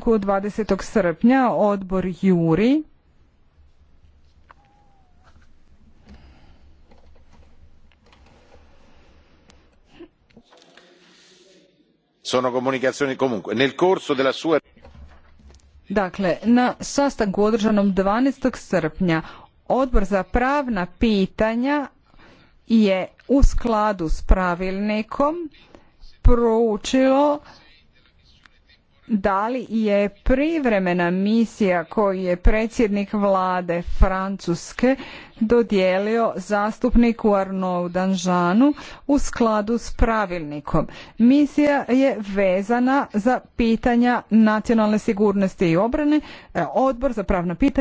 sastanku 20. srpnja odbor Juri sono comunicazioni comunque nel corso della sua Dakle, na sastanku održanom 12. srpnja Odbor za pravna pitanja je u skladu s pravilnikom proučilo da li je privremena misija koju je predsjednik vlade Francuske dodijelio zastupniku Arnaud Danžanu u skladu s pravilnikom. Misija je vezana za pitanja nacionalne sigurnosti i obrane. E, Odbor za pravna pitanja